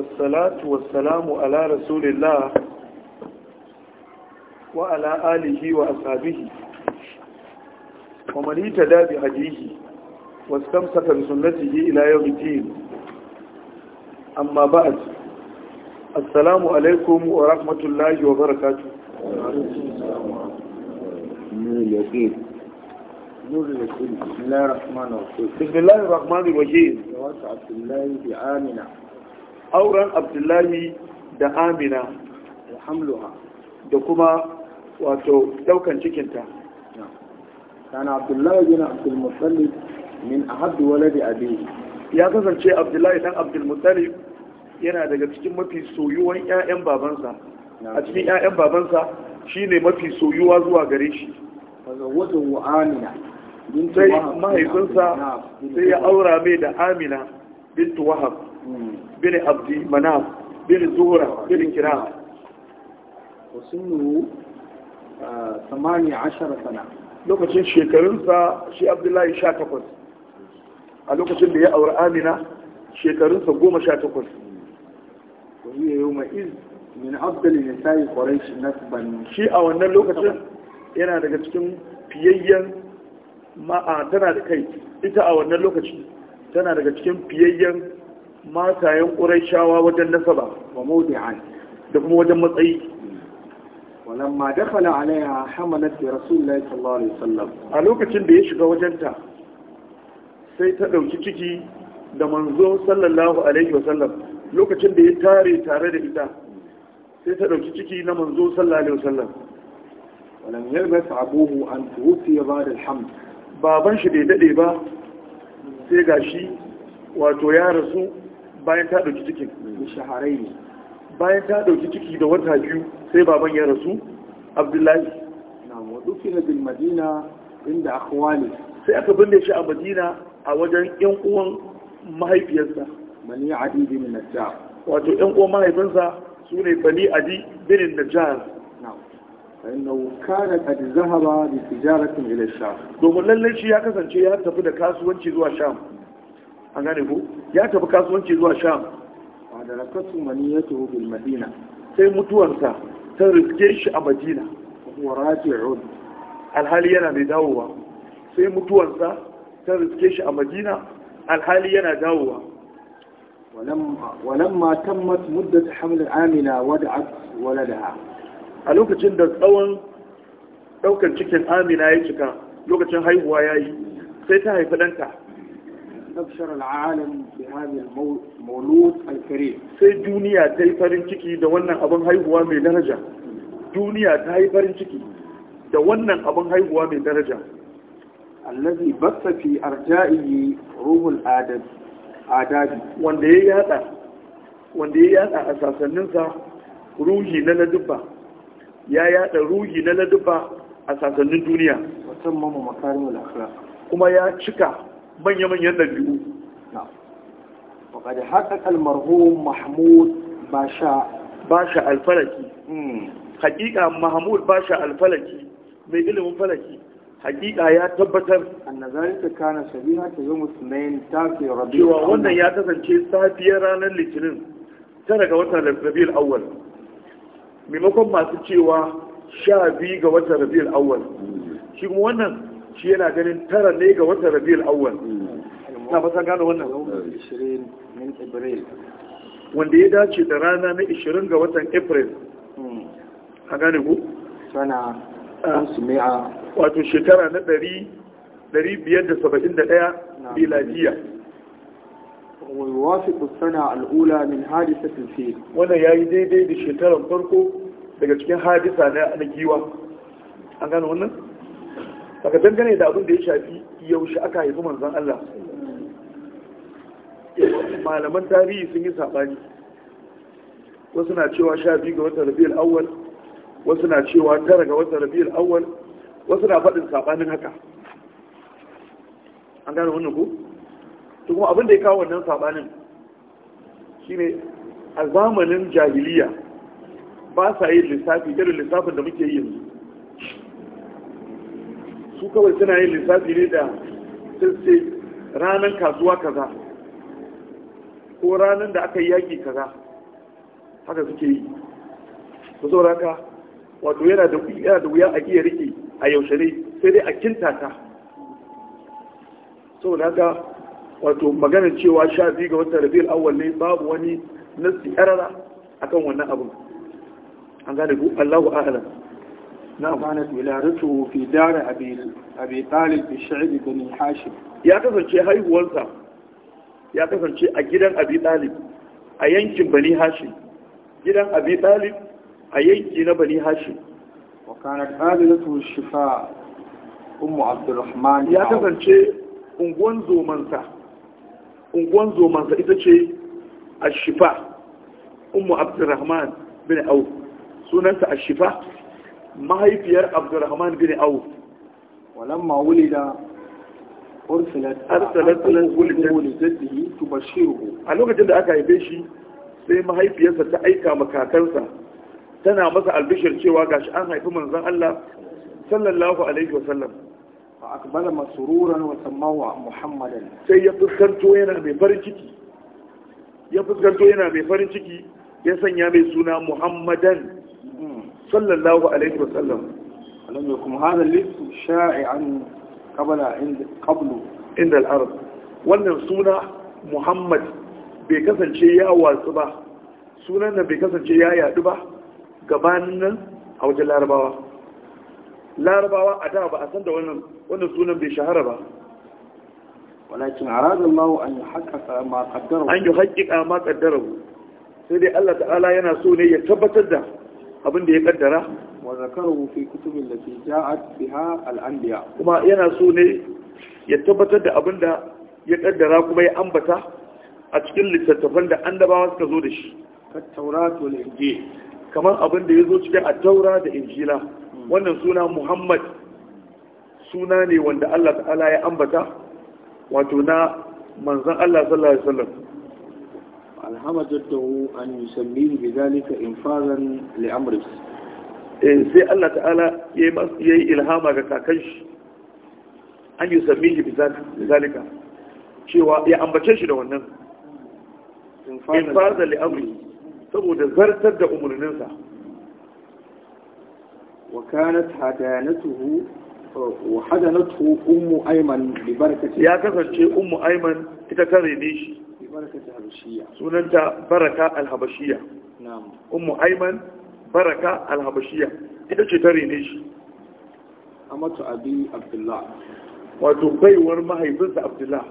والصلاة والسلام على رسول الله وعلى آله وأصحابه ومن اهتدى بهديه واستمسك بسنته إلى يوم الدين أما بعد السلام عليكم ورحمة الله وبركاته بسم الله الرحمن الرحيم بسم الله الرحمن الرحيم وسعة الله بعامنا auren abdullahi da amina alhamdulillah da kuma wato daukan cikinta kana abdullahi yana abdul min ahad waladi abi ya kasance abdullahi dan abdul yana daga cikin mafi soyuwan ƴaƴan babansa a cikin ƴaƴan babansa shine mafi soyuwa zuwa gare shi amina sai mahaifinsa sai ya aura mai da amina bintu wahab bin abdi manaf bin zuhra bin kiram wasu samaniya ah, ashara sana lokacin shekarunsa shi abdullahi sha takwas a lokacin da ya aure amina shekarunsa goma sha takwas wani yau mai iz min abdullahi ya sayi ƙwararshi nasban shi a wannan lokacin yana daga cikin fiyayyen ma'a tana da kai ita a wannan lokaci tana daga cikin fiyayyen matayen ƙuraishawa wajen nasaba wa mawdi'an da kuma wajen matsayi walamma dakhala alaiha hamalat bi rasulillahi sallallahu alaihi wasallam a lokacin da ya shiga wajenta sai ta dauki ciki da manzo sallallahu alaihi wasallam lokacin da ya tare tare da ita sai ta dauki ciki na manzo sallallahu alaihi wasallam walam yalbas abuhu an tuwfi da alhamd baban shi bai dade ba sai gashi wato ya rasu bayan ta ɗauki cikin shaharai ne bayan ta ɗauki ciki da wata biyu sai baban ya rasu abdullahi na waduki na bin madina inda ne sai aka binne shi a madina a wajen yan uwan mahaifiyarsa bani adi bin najjar wato yan uwan mahaifinsa su ne bani adi bin najjar فإنه كان قد da بتجارة إلى الشام Domin lallai shi ya kasance ya tafi da kasuwanci zuwa sham an gane ko ya tafi kasuwanci zuwa sham Ba da rakasu maniyatu bil madina sai mutuwarsa ta riske shi a madina wa raji'un alhali yana mai dawowa sai mutuwarsa ta riske shi a madina alhali yana dawowa ولما تمت مدة حمل آمنة ودعت ولدها a lokacin da tsawon ɗaukar cikin amina ya cika lokacin haihuwa ya yi sai ta haifi ɗanta واستبشر العالم بهذا المولود الكريم سي دنيا تاي farin ciki da wannan abin haihuwa mai daraja duniya ta yi farin ciki da wannan abin haihuwa mai daraja allazi fi arja'i ruhul adabi wanda ya yada wanda ya yada a sasanninsa ruhi na ladubba ya yada ruhi na ladubba a sasannin duniya musamman makarimul akhlaq kuma ya cika manya-manyan ɗabi'u وقد حقق المرحوم محمود باشا باشا الفلكي Mahmud محمود باشا hmm. Alfalaki mai ilimin falaki hakika ya tabbatar ta kana sabiha ta yawm ithnain tafi rabi cewa wannan ya kasance safiyar ranar litinin tara ga watan rabi awwal maimakon masu cewa sha biyu ga watan rabi awwal shi kuma wannan shi yana ganin tara ne ga watan rabiul awwal na fasa gano wannan wanda ya dace da rana na 20 ga watan april a gane ku sana ah. sumi'a wato shekara na 571 biladiya ويوافق السنة الأولى من حادثة الفيل وانا ياي دي دي دي شترم فرقو daga cikin hadisa na giwa an gano daga dangane da abin da ya shafi yaushe aka haifi manzan Allah malaman tarihi sun yi saɓani wasu na cewa sha biyu ga watan rabi'ul awwal wasu na cewa tara ga watan rabi'ul awwal wasu na faɗin saɓanin haka an gane wannan ko to kuma abin da ya kawo wannan saɓanin shine a zamanin jahiliya ba sa yin lissafi irin lissafin da muke yi yanzu su kawai suna yin lissafi ne da sun ranar kasuwa kaza ko ranar da aka yi yaƙi kaza haka suke yi ku wato yana da wuya a iya riƙe a yaushe ne sai dai a kinta ta saboda haka wato maganar cewa sha biyu ga wata rabiul awwal ne babu wani nasi karara akan wannan abin an gane ku Allahu a'lam كانت ولادته في دار أبي أبي طالب بالشعب بن حاشم يا كفر شيء هاي ولسا يا كفر شيء أجدا أبي طالب أينكم بني هاشم جدا أبي طالب أينكم بني هاشم وكانت والدته الشفاء أم عبد الرحمن يا كفر شيء unguwan zomansa unguwan zomansa ita ce ashifa ummu abdurrahman bin au sunanta ashifa mahaifiyar abdurrahman bin auf walamma wulida arsalat a lokacin da aka haife shi sai mahaifiyarsa ta aika ma kakansa tana masa albishir cewa gashi an haifi manzon Allah sallallahu alaihi wa sallam fa akbala wa sammawa muhammadan sai ya fuskanto yana mai farin ciki ya fuskanto yana mai farin ciki ya sanya mai suna muhammadan mm. sallallahu alaihi wa sallam alam yakum hadha al-lisu sha'i'an qabla inda qablu inda al-arab wannan suna muhammad bai kasance ya watsu ba sunan nan bai kasance ya yadu ba gabanin nan a wajen larabawa larabawa a da ba a san da wannan wannan sunan bai shahara ba walakin arada Allah an yuhaqqiqa ma qaddara an yuhaqqiqa ma qaddara sai dai Allah ta'ala yana so ne ya tabbatar da abin da ya kaddara wa zakaru fi kutubin da ke ja'at biha al-anbiya kuma yana so ne ya tabbatar da abin da ya kaddara kuma ya ambata a cikin littattafan da annabawa suka zo da shi kat taurat wal injil kamar abin da ya zo cikin at-taura da injila hmm. wannan suna muhammad suna ne wanda Allah ta'ala ya ambata wato na manzon Allah sallallahu alaihi wasallam alhama an yusammi bi zalika infazan li eh sai Allah ta'ala ya yi ilhama ga kakan shi an yi bi zalika cewa ya ambace shi da wannan infazan da amri saboda zartar da umarninsa وكانت هدانته وحدنته أم ya kasance يا aiman ita kare ne shi. sunanta baraka alhabashiya ummu aiman baraka alhabashiya ita ce tare ne shi amatu abi abdullah wato baiwar mahaifinsa abdullah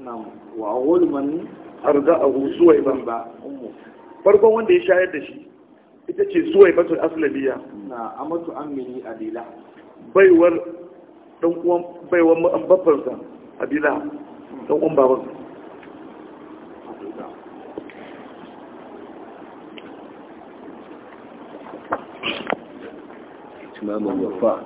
na'am wa awwal man arza'ahu suwayba ba farkon wanda ya shayar da shi ita ce suwaybatul aslabiya na amatu ammini adila baiwar dan uwan baiwar abbafarsa adila don un baban imamun wafa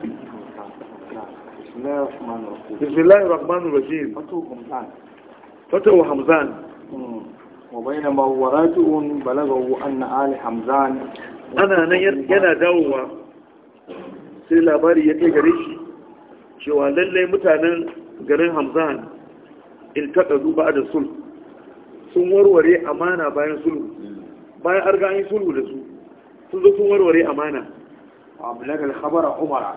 Thank you. bismillahi rahmanu rahim fatahu hamzan وبينما هو راجع بلغه أن آل Ana nan yana dawowa sai labari ya kai gare shi cewa lallai mutanen garin hamzan in taɗa zuba da sul. sun warware amana bayan sulhu bayan arga an sulhu da su sun zo sun warware amana abu lagar khabara umara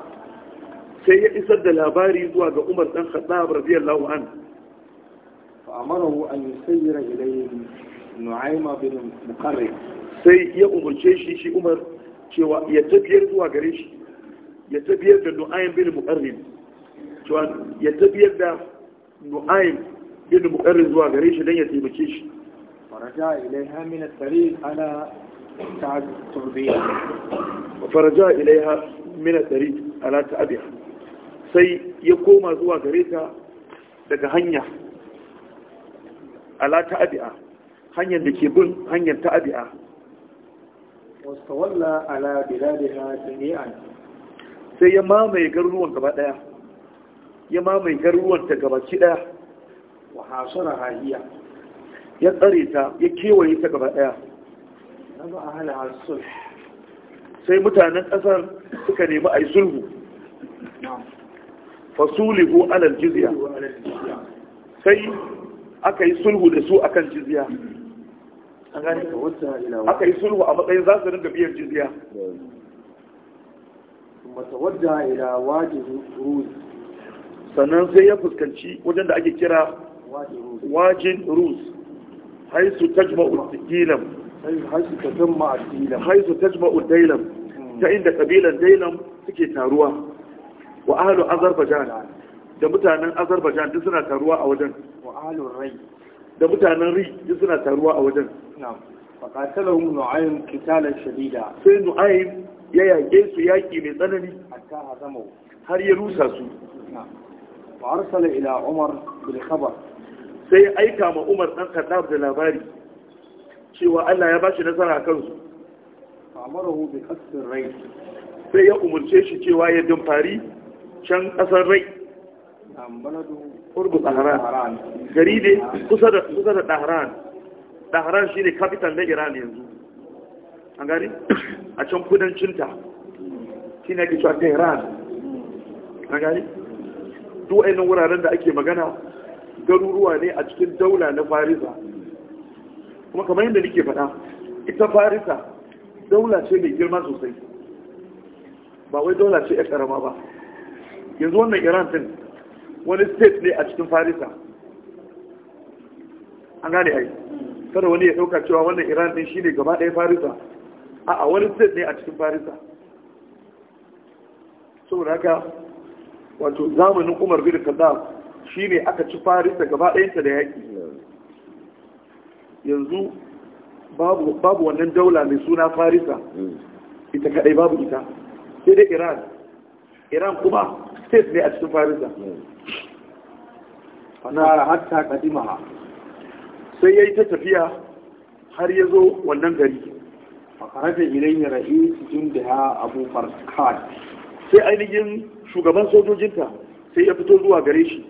sai ya isar da labari zuwa ga Umar dan Khattab radiyallahu anhu fa amarahu an yusayyira ilayhi Nu'aym bin Muqarrib sai ya umarce shi shi Umar cewa ya tafiyar zuwa gare shi ya tafiyar da Nu'aym bin Muqarrib cewa ya tafiyar da Nu'aym bin Muqarrib zuwa gare shi dan ya taimake shi faraja ilaiha min at-tariq ala ta'ad turbiya faraja ilaiha min at-tariq ala sai ya koma zuwa gare ta daga hanya ala ta'abi'a hanyar da ke bin hanyar ta'abi'a wastawalla ala biladiha jami'an sai ya mamaye garuruwan gaba daya ya mamaye garuruwan ta ki daya wa hasara hahiya ya tsare ta ya kewaye ta gaba daya nabi ahla hasul sai mutanen kasar suka nemi yi sulhu fasulihu alal jizya sai aka yi sulhu da su akan jizya aka yi sulhu a matsayin za su ringa biyan jizya matawadda ila wadi ruz sannan sai ya fuskanci wajen da ake kira wajin rus haisu tajma'u dilam haisu tajma'u dilam haisu tajma'u dilam ta inda kabilan dailam suke taruwa wa ahalu azerbaijan da mutanen azerbaijan duk suna taruwa a wajen wa ahalu rai da mutanen ri duk suna taruwa a wajen na'am nu'ayin nu'aym qitalan shadida sai nu'aym ya yage su yaki mai tsanani hatta hazamu har ya rusa su wa arsala ila umar bil khabar sai aika ma umar dan kadab da labari cewa Allah ya bashi nasara kan su amarahu bi qasr rai sai ya umurce shi cewa ya dumfari can ƙasar rai kurbu ɗaharan gari ne kusa da ɗaharan ɗaharan shi ne kapital na iran yanzu an gari a can kudancinta shi ne ake cewa iran an gari duwainin wuraren da ake magana garuruwa ne a cikin daula na farisa kuma kamar yadda nike faɗa ita farisa daula ce mai girma sosai ba wai daula ce ya ƙarama ba yanzu wannan iran din wani state ne a cikin farisa an gane ai kada wani ya dauka cewa wannan iran din shine gaba daya farisa a a wani state ne a cikin farisa saboda haka wato zamanin umar bin kaddam shine aka ci farisa gaba ɗayanta da yaƙi yanzu babu wannan daula mai suna farisa hmm. ita kadai babu ita sai dai iran iran kuma state ne a cikin farisa fanara hatta kadimaha sai ya yi ta tafiya har ya zo wannan gari irin ya rahi cikin da ya abu farkad sai ainihin shugaban sojojinta sai ya fito zuwa gare shi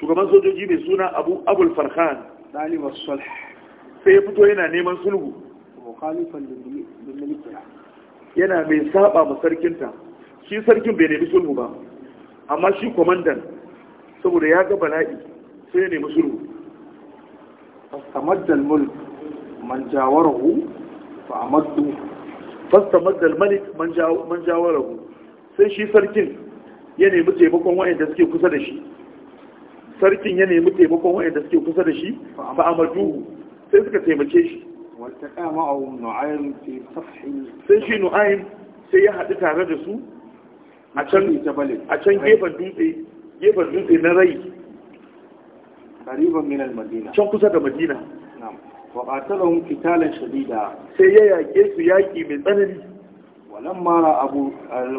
shugaban sojoji mai suna abu abul farkan ɗalibar sulh sai ya fito yana neman sulhu yana mai saba ma sarkinta shi sarkin bai nemi sulhu ba amma shi kwamandan saboda ya ga bala'i sai ya nemi sulhu fastamaddal mulk man jawarahu fa amaddu fastamaddal malik man jawarahu sai shi sarkin ya nemi taimakon wayanda suke kusa da shi sarkin ya nemi taimakon wayanda suke kusa da shi fa amaddu sai suka taimake shi waltaqa ma'ahum a fi safhi sai shi nu'ayin sai ya haɗu tare da su a can a can gefen dutse gefen dutse na rai qariban min al-madina can kusa da madina na'am wa qatalahum qitalan shadida sai ya yake su yaki mai tsanani walamma ra abu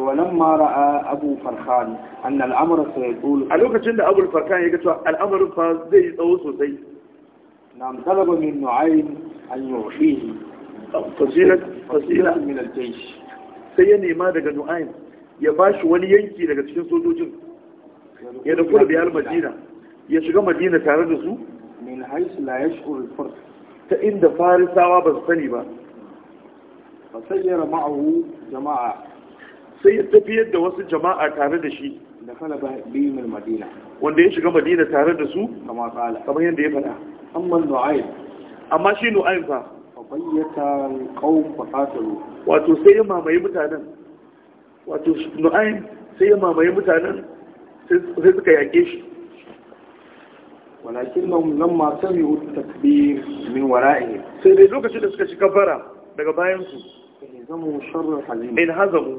walamma ra abu farhan anna al-amra sayqulu a lokacin da abu farhan ya ga cewa al'amarin fa zai yi tsawo sosai na'am talaba min nu'aym an yuhihi fasila fasila min al-jaysh sai ya nema daga nu'aym ya ba shi wani yanki daga cikin sojojin ya da kula biyar madina ya shiga madina tare da su min haisu la ya ta inda farisawa ba su sani ba sai sayyara ma'awu jama'a sai ya tafiyar da wasu jama'a tare da shi da kala bihim madina wanda ya shiga madina tare da su kama kala kamar yadda ya faɗa amma nu'aym amma shi nu'aym fa fa bayyata qaum fa qatalu wato sai ya mamaye mutanen wato nu'ayin sai ya mamaye mutanen sai suka yaƙe shi walakin nan nan masu yi takbir min wara'i sai dai lokacin da suka ci kafara daga bayansu in hazamu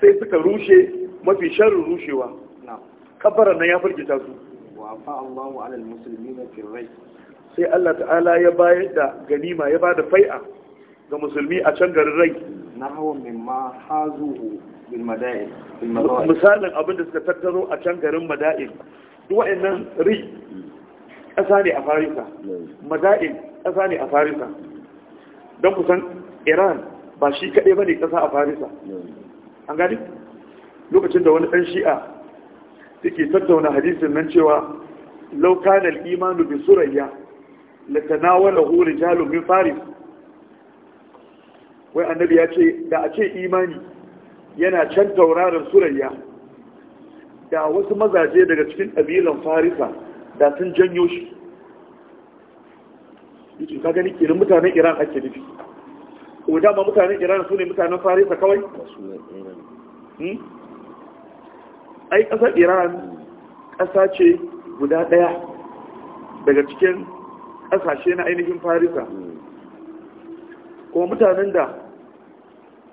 sai suka rushe mafi sharrin rushewa kafaran nan ya firgita su wafa Allahu alal musulmi na rai? sai Allah ta'ala ya bayar da ganima ya bada fai'a ga musulmi a can garin rai na hawan mimma hazuhu misalin abin da suka tattaro a can garin mada'il wa'annan ri ƙasa ne a farisa Madain, ƙasa ne a farisa don kusan iran ba shi kaɗai ba ne ƙasa a farisa an gani lokacin da wani ɗan shi'a suke tattauna hadisin nan cewa laukanar imanu bi surayya latanawala hu rijalun min faris wai annabi ya ce da a ce imani yana can tauraron surayya da wasu mazaje daga cikin ƙabilan farisa da sun janyo shi yake ka gani irin mutanen iran ake nufi ko dama mutanen iran su ne mutanen farisa kawai hmm? ai ƙasar iran ƙasa ce guda ɗaya daga cikin ƙasashe na ainihin farisa kuma mutanen da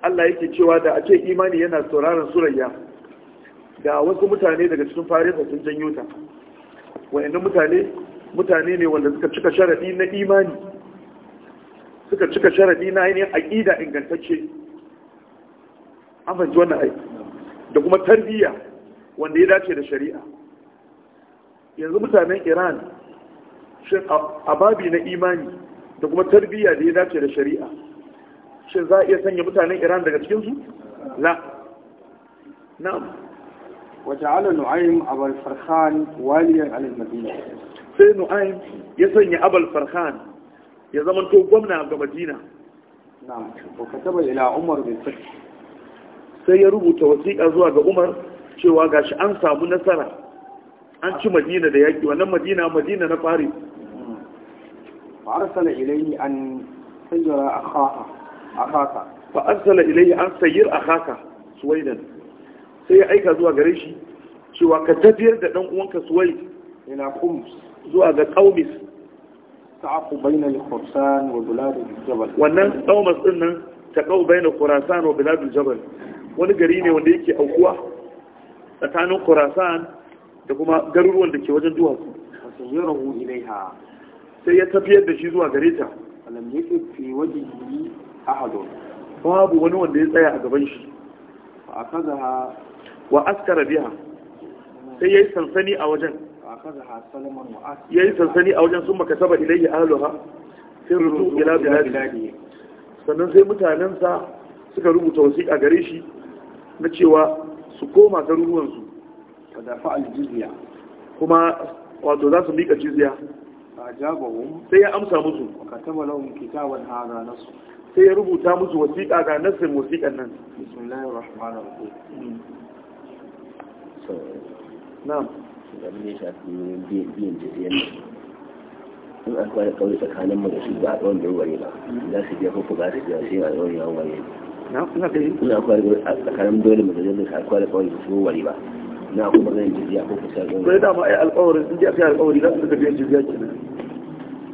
Allah yake cewa da a ce imani yana sauraron surayya da wasu mutane daga cikin farisa sun janyo ta wayannan mutane mutane ne wanda suka cika sharadi na imani suka cika sharadi na ainihin aqida ingantacce amince wani aiki da kuma tarbiyya wanda ya dace da shari'a yanzu mutanen iran shin ababi na imani da kuma tarbiyya da ya dace da shari'a shi za a iya sanya mutanen iran daga cikinsu la na waja'ala nu'aym abal farhan waliyan alal madina sai nu'aym ya sanya abal farhan ya zama to gwamna ga madina na'am ka kataba ila umar bin fath sai ya rubuta wasiƙa zuwa ga umar cewa gashi an samu nasara an ci madina da yaƙi wannan madina madina na fari fa arsala ilayhi an sajara akhaha akaka fa arsala ilayhi an sayyir akaka suwaidan sai ya aika zuwa gare shi cewa ka tafiyar da dan uwanka suwai ila qums zuwa ga qaumis ta'aqu bayna al-khursan wa bilad al-jabal wannan qaumis din nan ta qau bayna khurasan wa bilad al-jabal wani gari ne wanda yake aukuwa tsakanin khurasan da kuma garuruwan da ke wajen duwatsu sayyarahu sai ya tafiyar da shi zuwa gare ta alam yakun fi wajhihi ahadun babu wani wanda ya tsaya a gaban shi a kaza wa askara biha sai yayi sansani a wajen yayi sansani a wajen sun maka saba ilayhi ahluha sai rutu ila biladi sannan sai mutanensa suka rubuta wasiƙa gare shi na cewa su koma garuruwansu ta dafa aljiziya kuma wato za su mika jiziya sai ya amsa musu kitaban sai ya rubuta musu wasiƙa ga nassin wasiƙan nan in an kwaya kawai tsakanin mu da su ba tsawon da ba za su biya kuku ba su biya sai a tsawon yawon wani ina kwaya a tsakanin dole mu da jirgin sa kwaya kawai su wani ba na kuma zan jiziya ko kusa tsawon wani. Sai dama ai alƙawarin in ji aka yi alƙawari za su daga biyan jiziya kenan.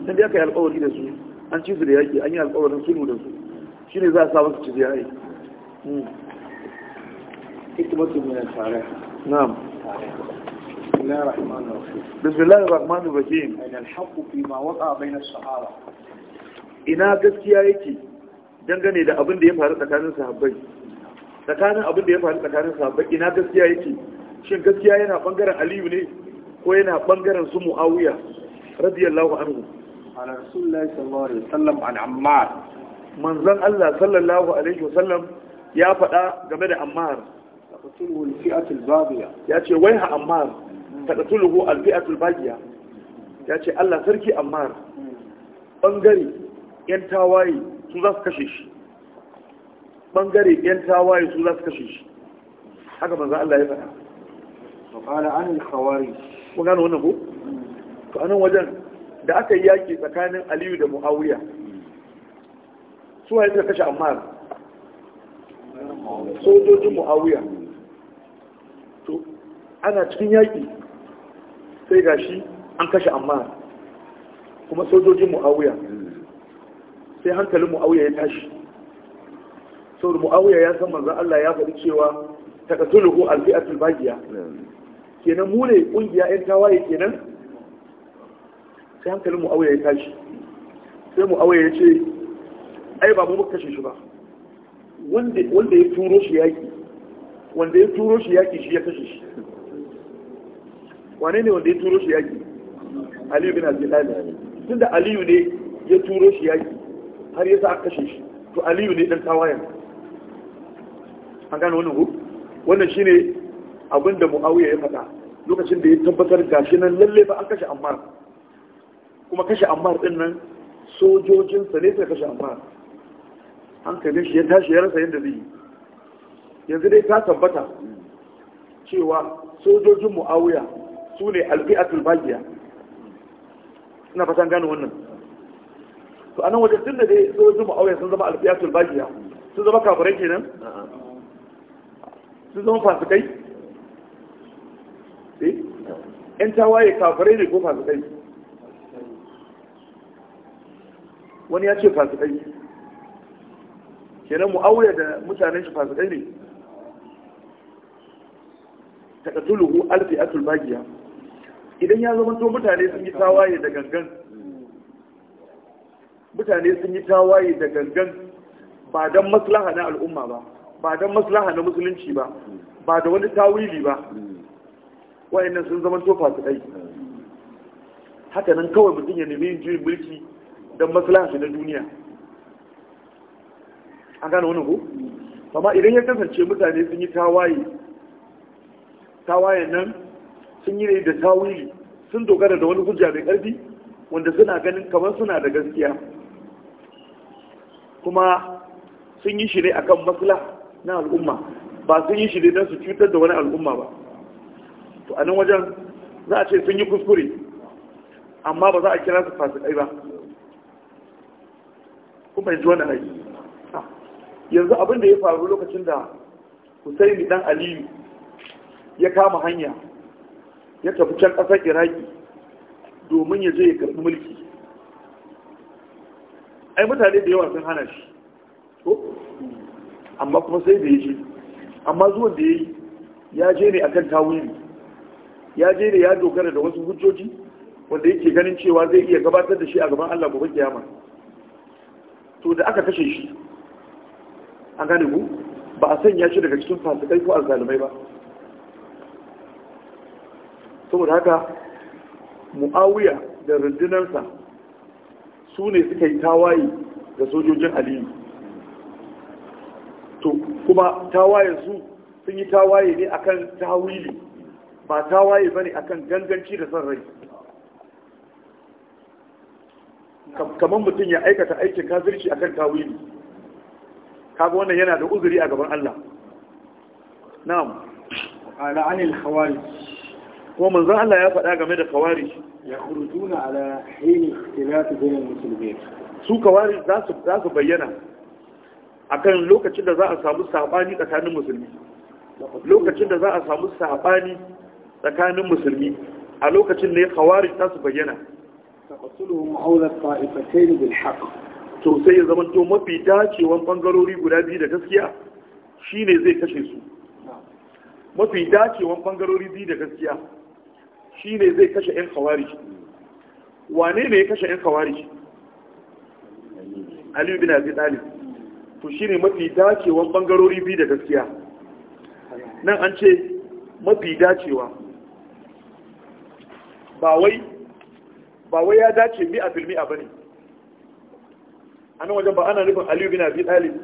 In ji aka yi alƙawari da su an ci su da yaƙi an yi alƙawarin sulhu da su shi ne za a sa musu ci da yaƙi hmm. hikmatu min al na'am بسم الله الرحمن الرحيم بسم الله الرحمن الرحيم أين الحق ina gaskiya yake dangane da abin da ya faru tsakanin sahabbai tsakanin abin da ya faru tsakanin sahabbai ina gaskiya yake shin gaskiya yana bangaren aliyu ne ko yana bangaren su muawiya radiyallahu anhu على رسول الله صلى الله عليه وسلم عن عمار من ظن الله صلى الله عليه وسلم يا game da Ammar taqtuluhu al-fi'at al-baghiya wai ha Ammar taqtuluhu al-fi'at al-baghiya yace Allah sarki Ammar bangare yan tawaye su za kashe shi bangare yan za Allah ya faɗa ko wannan ko to wajen da aka yi yaki tsakanin aliyu da muawiya su wani suka kashe ammar sojojin muawiya to ana cikin yaki sai gashi an kashe ammar kuma sojojin muawiya sai hankalin muawiya ya tashi saboda muawiya ya san manzan Allah ya faɗi cewa takasuluhu alfi'atul bagiya hmm. kenan mu ne kungiya 'yan tawaye kenan sai hankalin mu'awiya ya tashi sai mu'awiya ya ce ai ba mu kashe shi ba wanda ya turo shi yaki wanda ya turo shi yaki shi ya kashe shi wane ne wanda ya turo shi yaki aliyu bin abi talib tunda aliyu ne ya turo shi yaki har yasa aka kashe shi to aliyu ne dan tawayan an gane wannan ku wannan shine abinda muawiya ya faɗa lokacin da ya tabbatar gashi nan lalle ba an kashe amma. kuma kashe ammar din nan sojojinsa ne sai kashe ammar hankalin shi ya tashi ya rasa yadda zai yanzu dai ta tabbata cewa sojojin mu'awiya su ne alfi'atul bagiya ina fatan gano wannan to anan waje tun da dai sojojin mu'awiya sun zama alfi'atul bagiya sun zama kafirai kenan sun zama fasikai eh yan tawaye kafirai ne ko fasikai wani ya ce fasikai kenan mu'awiya da mutanen shi fasikai ne katuluhu alfi atul magiya idan ya zama to mutane sun yi tawaye da gangan mutane sun yi tawaye da gangan ba don maslaha na al'umma ba ba don maslaha na musulunci ba ba da wani tawili ba wayannan sun zama to fasikai haka nan kawai mutum ya nemi yin juyin mulki don maslahansu na duniya an gane wani ko? amma idan ya kasance mutane sun yi tawaye tawayen nan sun yi da tawili sun dogara da wani hujja mai ƙarfi wanda suna ganin kamar suna da gaskiya kuma sun yi shi ne akan masla na al'umma ba sun yi shi ne don su cutar da wani al'umma ba to a nan wajen za a ce sun yi kuskure amma ba za a kira su fasikai ba kuma yanzu wannan ai yanzu abin da ya faru lokacin da Husaini dan Aliyu ya kama hanya ya tafi can kasar Iraki domin ya je ya karɓi mulki ai mutane da yawa sun hana shi Ko. amma kuma sai da ya je amma zuwan da ya yi ya je ne akan tawili ya je ne ya dogara da wasu hujjoji wanda yake ganin cewa zai iya gabatar da shi a gaban Allah gobe kiyama to da aka kashe shi a gane ku ba a sanya shi daga cikin fasikai ko alzalimai ba saboda haka mu'awiya da rundunarsa su ne suka yi tawaye ga sojojin aliyu to kuma tawayen su sun yi tawaye ne akan tawili ba tawaye ba bane akan ganganci da son rai kamar mutum ya aikata aikin kafirci akan tawili kaga wannan yana da uzuri a gaban Allah na'am ala anil khawarij kuma manzon Allah ya faɗa game da khawarij ya khurujuna ala hayni ikhtilaf bayna muslimin su khawarij za su za su bayyana akan lokacin da za a samu sabani tsakanin musulmi lokacin da za a samu sabani tsakanin musulmi a lokacin ne khawarij za su bayyana taqasuluhum awla ta'ifatayn bil haqq to sai ya zama mafi dacewan bangarori guda biyu da gaskiya shine zai kashe su mafi dacewan bangarori biyu da gaskiya shine zai kashe yan khawarij wane ne ya kashe yan khawarij Ali bin Abi Talib to shine mafi dacewan bangarori biyu da gaskiya nan an ce mafi dacewa ba wai ba wai ya dace mi'a filmi a bane a nan wajen ba ana nufin aliyu bin abi talib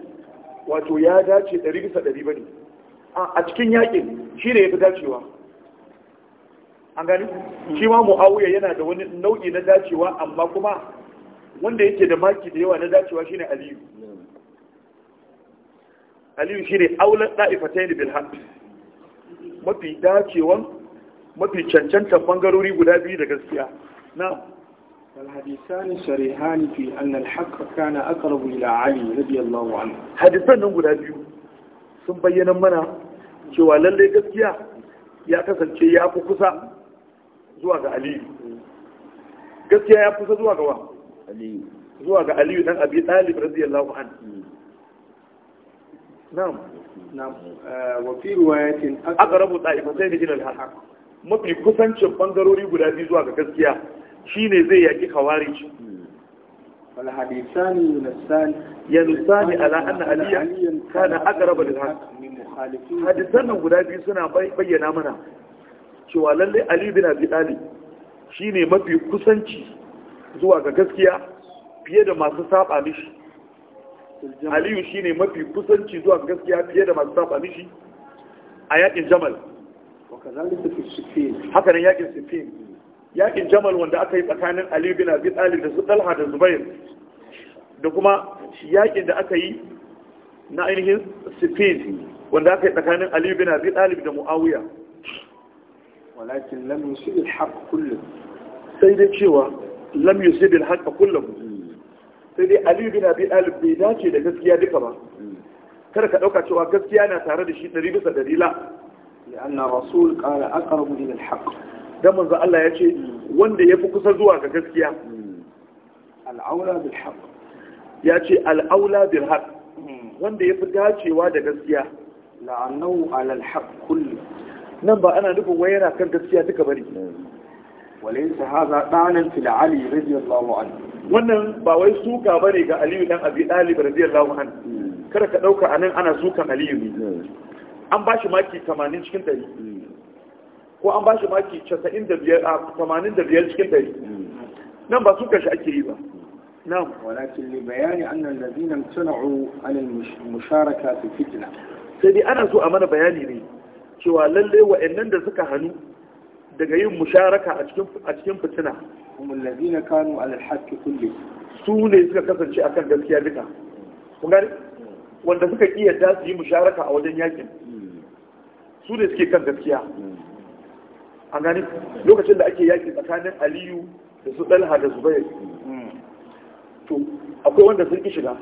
wato ya dace ɗari bisa ɗari bane a cikin yakin shi ne ya fi dacewa an gani shi ma mu'awuya yana da wani nau'i na dacewa amma kuma wanda yake da maki da yawa na dacewa shine aliyu aliyu shine aulan ɗa'ifatai da bilhan mafi dacewan mafi cancanta bangarori guda biyu da gaskiya na'am الحديثان الصريحان في أن الحق كان أقرب إلى علي رضي الله عنه حديثان نقول أبيو sun bayyana mana cewa lallai gaskiya ya kasance ya fi kusa zuwa ga aliyu gaskiya ya kusa zuwa ga zuwa ga aliyu dan abi talib radiyallahu anhu na'am na'am wa fi riwayatin aqrabu ta'ifatayn ila al-haqq mafi kusancin bangarori guda biyu zuwa ga gaskiya shine zai yaki khawarij والحديثان ينسان ينسان على أن عليا كان أقرب للحق nan guda biyu suna bayyana mana cewa lalle Ali bin Abi shi shine mafi kusanci zuwa ga gaskiya fiye da masu saba mishi Aliyu shine mafi kusanci zuwa ga gaskiya fiye da masu saba mishi a yakin Jamal haka nan yakin Siffin yakin jamal wanda aka yi tsakanin ali bin abi talib da su talha da zubair da kuma yakin da aka yi na ainihin sifin wanda aka yi tsakanin ali bin abi talib da muawiya walakin lam yusib al-haq kullu sai dai cewa lam yusib al-haq kullu sai dai ali bin abi talib bai dace da gaskiya duka ba kada ka dauka cewa gaskiya na tare da shi 100 bisa 100 la لأن الرسول قال أقرب إلى الحق dan manzo Allah ya ce wanda ya fi kusa zuwa ga gaskiya al'aula bil haq ya ce al'aula bil haq hmm. wanda ya fi dacewa da gaskiya la'annahu ala al haq kulli nan ba ana nufin wai yana kan gaskiya duka bari walaysa hadha da'anan fil ali radiyallahu anhu wannan ba wai suka bane ga aliyu dan abi dalib radiyallahu anhu hmm. kada ka dauka anan ana sukan aliyu ne hmm. an bashi maki 80 cikin 100 ko an ba shi maki 85 a 85 cikin 100 nan ba su kashi ake yi ba bayani nan نعم ولكن لبيان أن الذين امتنعوا عن المشاركة في الفتنة سيدي أنا سوء أمانة بياني لي شوى للي وإنن da suka hannu daga yin musharaka a cikin fitina humul ladina kanu ala kulle. su ne suka kasance akan gaskiya duka kun gani wanda suka iya su yi musharaka a wajen yakin hmm. su ne suke kan gaskiya hmm. an gani lokacin da ake yaki tsakanin aliyu da su dalha da zubair to akwai wanda sun ki shiga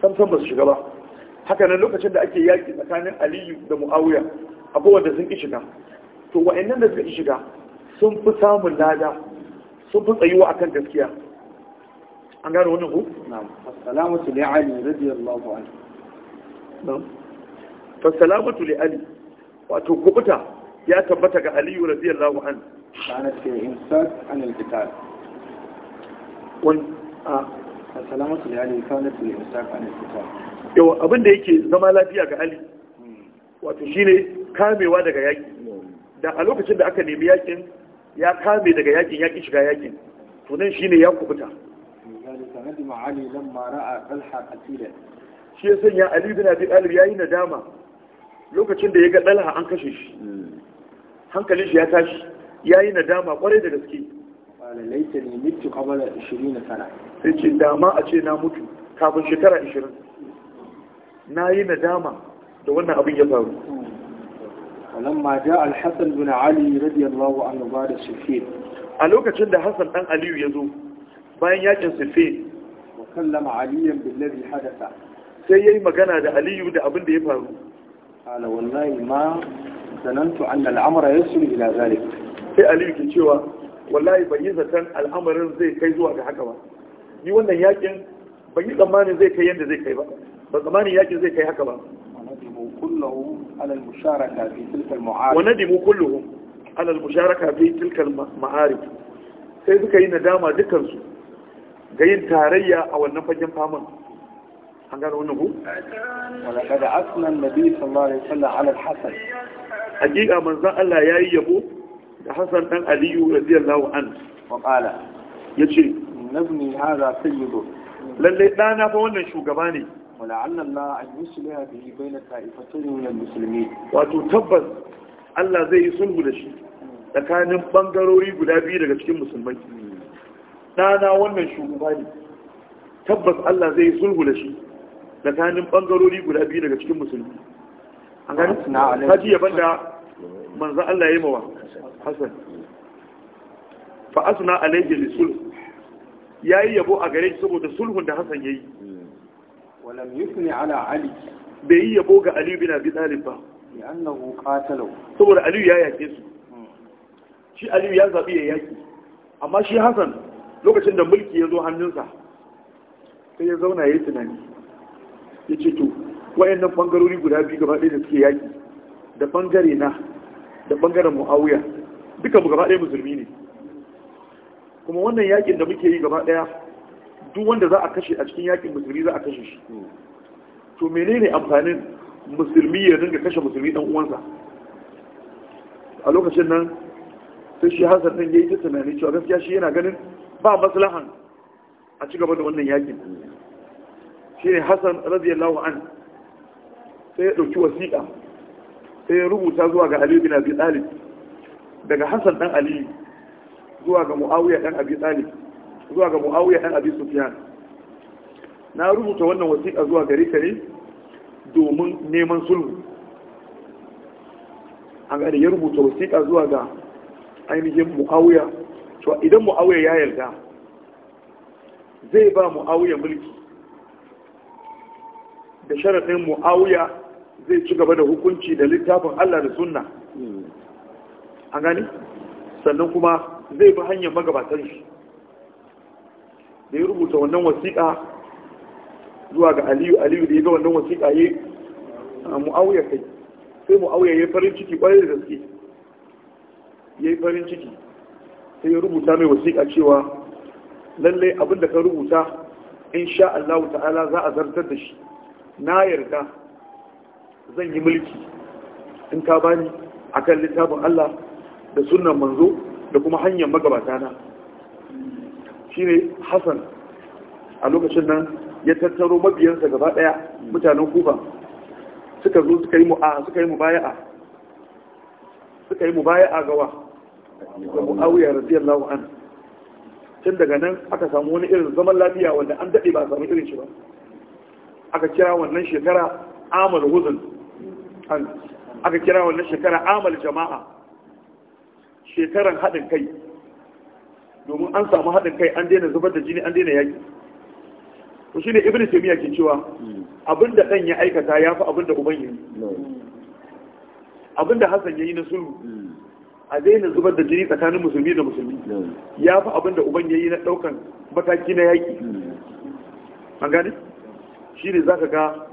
sam sam ba su shiga ba haka nan lokacin da ake yaki tsakanin aliyu da muawiya akwai wanda sun ki shiga to wa'annan da suka ki shiga sun fi samun lada sun fi tsayuwa akan gaskiya an gano wannan ku na'am assalamatu li ali radiyallahu anhu na'am salamatu li ali wato kubuta ya tabbata ga aliyu radiyallahu an kana a yau abin da yake zama lafiya ga ali hmm. wato shine kamewa daga yaki da a lokacin da aka nemi yakin ya kame daga yakin yaki shiga yakin to nan shine ya kubuta shi ya sanya ali bin abi ya yi nadama lokacin da ya ga dalha an kashe shi hmm. hankalin shi ya tashi ya yi nadama kwarai da gaske laita ne mutu kabala 20 sai ce dama a ce na mutu kafin shekara 20 na yi nadama da wannan abin ya faru ولما جاء الحسن بن Ali رضي الله عنه da سفين a lokacin da Hassan dan Aliyu ya zo bayan yakin Sifin wa kallama Aliyan billazi hadatha sai yayi magana da Aliyu da abin da ya faru ala wallahi ma zanantu anna al'amara yasulu ila zalik sai aliyu ke cewa wallahi ban yi zaton al'amarin zai kai zuwa ga haka ba ni wannan yakin ban yi tsammanin zai kai yadda zai kai ba ba tsammanin yakin zai kai haka ba وندموا كلهم على المشاركة في تلك المعارك sai suka yi nadama dukansu ga yin tarayya a wannan fagen faman an gano wannan ku? walakada aslan nabi hakika manzan Allah ya yi yabo da Hassan ɗan Aliyu radiyallahu an wa qala yace nazmi hada sayyidu lalle dana fa wannan shugaba ne wala annalla an yusliha bihi bayna ta'ifatayn min al-muslimin wato tabbas Allah zai yi sulhu da shi tsakanin bangarori guda biyu daga cikin musulmai dana wannan shugaba ne tabbas Allah zai yi sulhu da shi tsakanin bangarori guda biyu daga cikin musulmi an gani haji ya banda manzan Allah ya yi mawa hasan fa'asuna da lisul ya yi yabo a gare shi saboda sulhun da hasan ya yi walam yusni ala ali bai yi yabo ga aliyu bin abi talib ba saboda aliyu ya yake su hmm. shi aliyu ya zabi ya yaki amma shi hasan lokacin da mulki ya zo hannunsa sai ya zauna ya yi tunani ya ce to wayannan bangarori guda biyu gaba ɗaya da suke yaki da bangare na da bangaren muawiya duka mu gaba ɗaya musulmi ne kuma wannan yakin da muke yi gaba ɗaya duk wanda za a kashe a cikin yakin musulmi za a kashe shi hmm. to menene amfanin musulmi ya dinga kashe musulmi dan uwansa a lokacin nan sai shi hasan din yayi ta tunani cewa gaskiya shi yana ganin ba maslahan a ci gaba da wannan yakin hmm. shine hasan radiyallahu an sai ya ɗauki wasiƙa sai ya rubuta zuwa ga Ali bin Abi Talib daga Hassan dan Ali zuwa ga Muawiya dan Abi Talib zuwa ga Muawiya dan Abi Sufyan na rubuta wannan wasiƙa zuwa gare ka ne domin neman sulhu an ga ya rubuta wasiƙa zuwa ga ainihin Muawiya to idan Muawiya ya yarda zai ba Muawiya mulki da sharaɗin Muawiya zai ci gaba da hukunci da littafin Allah da sunna an gani sannan kuma zai bi hanyar magabatan shi da ya rubuta wannan wasiƙa zuwa ga aliyu aliyu da ya ga wannan wasiƙa ya mu'auya kai sai mu'auya ya farin ciki ƙwarai da gaske ya yi farin ciki sai ya rubuta mai wasiƙa cewa lallai abin da ka rubuta in sha Allah ta'ala za a zartar da shi na yarda zan yi mulki in ka bani a kan littafin Allah da sunan manzo da kuma hanyar magabata na shine Hassan a lokacin nan ya tattaro mabiyansa gaba daya mutanen Kufa suka zo suka yi mu'a suka yi mubaya'a suka yi mubaya'a gawa ga mu'awiyar radiyallahu tun daga nan aka samu wani irin zaman lafiya wanda an daɗe ba a samu irin shi ba aka kira wannan shekara amal huzun aka kira wannan shekara amal jama'a shekaran haɗin kai domin an samu haɗin kai an daina zubar da jini an daina yaƙi to shine ibnu taymiya ke cewa abinda dan ya aikata yafi abinda uban yayi abinda hasan yayi na sulhu a daina zubar da jini tsakanin musulmi da musulmi yafi abinda uban yayi na daukan mataki na yaƙi an gane shine zaka ga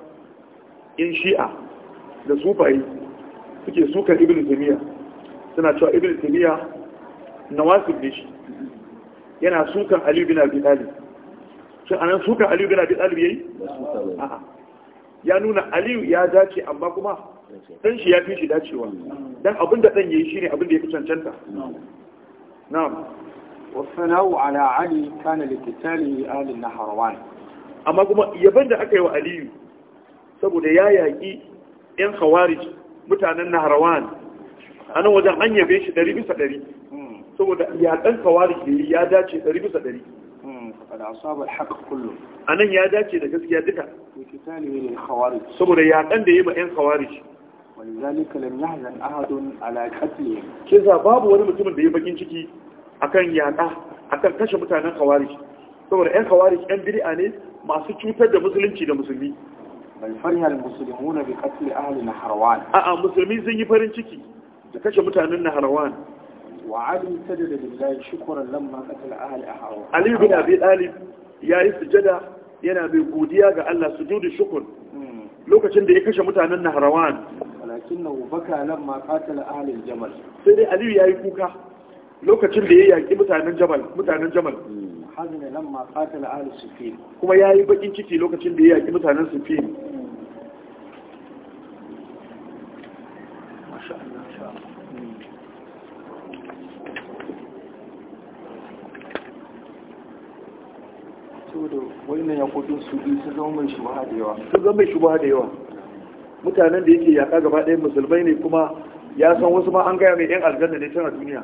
in shi'a da sufayi suke sukan ibn tamiya suna cewa ibn na wasu ne shi yana sukan ali bin abi talib shi anan sukan ali bin abi talib yayi ya nuna aliyu ya dace amma kuma dan shi ya fi shi dacewa dan abin da dan yayi shine abin ya fi cancanta na'am ala Ali علي كان لقتال ali النهروان amma kuma yaban da aka yi wa aliyu saboda ya yaki. yan khawarij mutanen naharawan a nan wajen an yabe shi ɗari bisa ɗari saboda yaƙan khawarij ne ya dace ɗari bisa ɗari a nan ya dace da gaskiya duka saboda yaƙan da ya ma yan khawarij ولذلك لم يحزن أحد على قتلهم كذا باب wani mutumin da ya bakin ciki akan yada akan kashe mutanen khawarij saboda yan khawarij yan bid'a ne masu cutar da musulunci da musulmi bal farihal muslimuna bi qatl ahli nahrawan a'a musulmi sun yi farin ciki da kashe mutanen na nahrawan wa ali sadada lillahi shukran lamma qatala ahli ahrawan ali bin abi talib yi sujada yana bai godiya ga Allah sujudu shukr lokacin da ya kashe mutanen na nahrawan walakin na baka lamma ma katala ahalin jamal sai dai aliyu ya yi kuka lokacin da ya yaƙi mutanen jamal mutanen jamal hazina lamma qatala ahli sufyan kuma yi bakin ciki lokacin da ya yaki mutanen wani wannan ya kodin su biyu sun zama mai shubaha da yawa zama mai shubaha da yawa mutanen da yake yaka gaba ɗaya musulmai ne kuma ya san wasu ma an gaya mai yan aljanna ne a duniya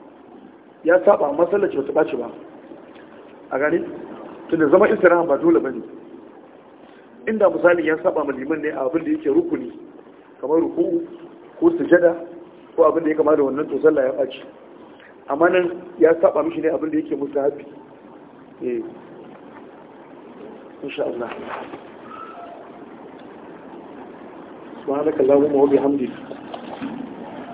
ya saba matsalar ce wata ɓaci ba a gani tunda zama istirahan ba dole ba ne inda misali ya saba ma liman ne a abin da yake rukuni kamar ruku ko sujada ko abin da ya kama da wannan to sallah ya ɓaci amma nan ya saba mishi ne abin da yake musu eh insha Allah subhanaka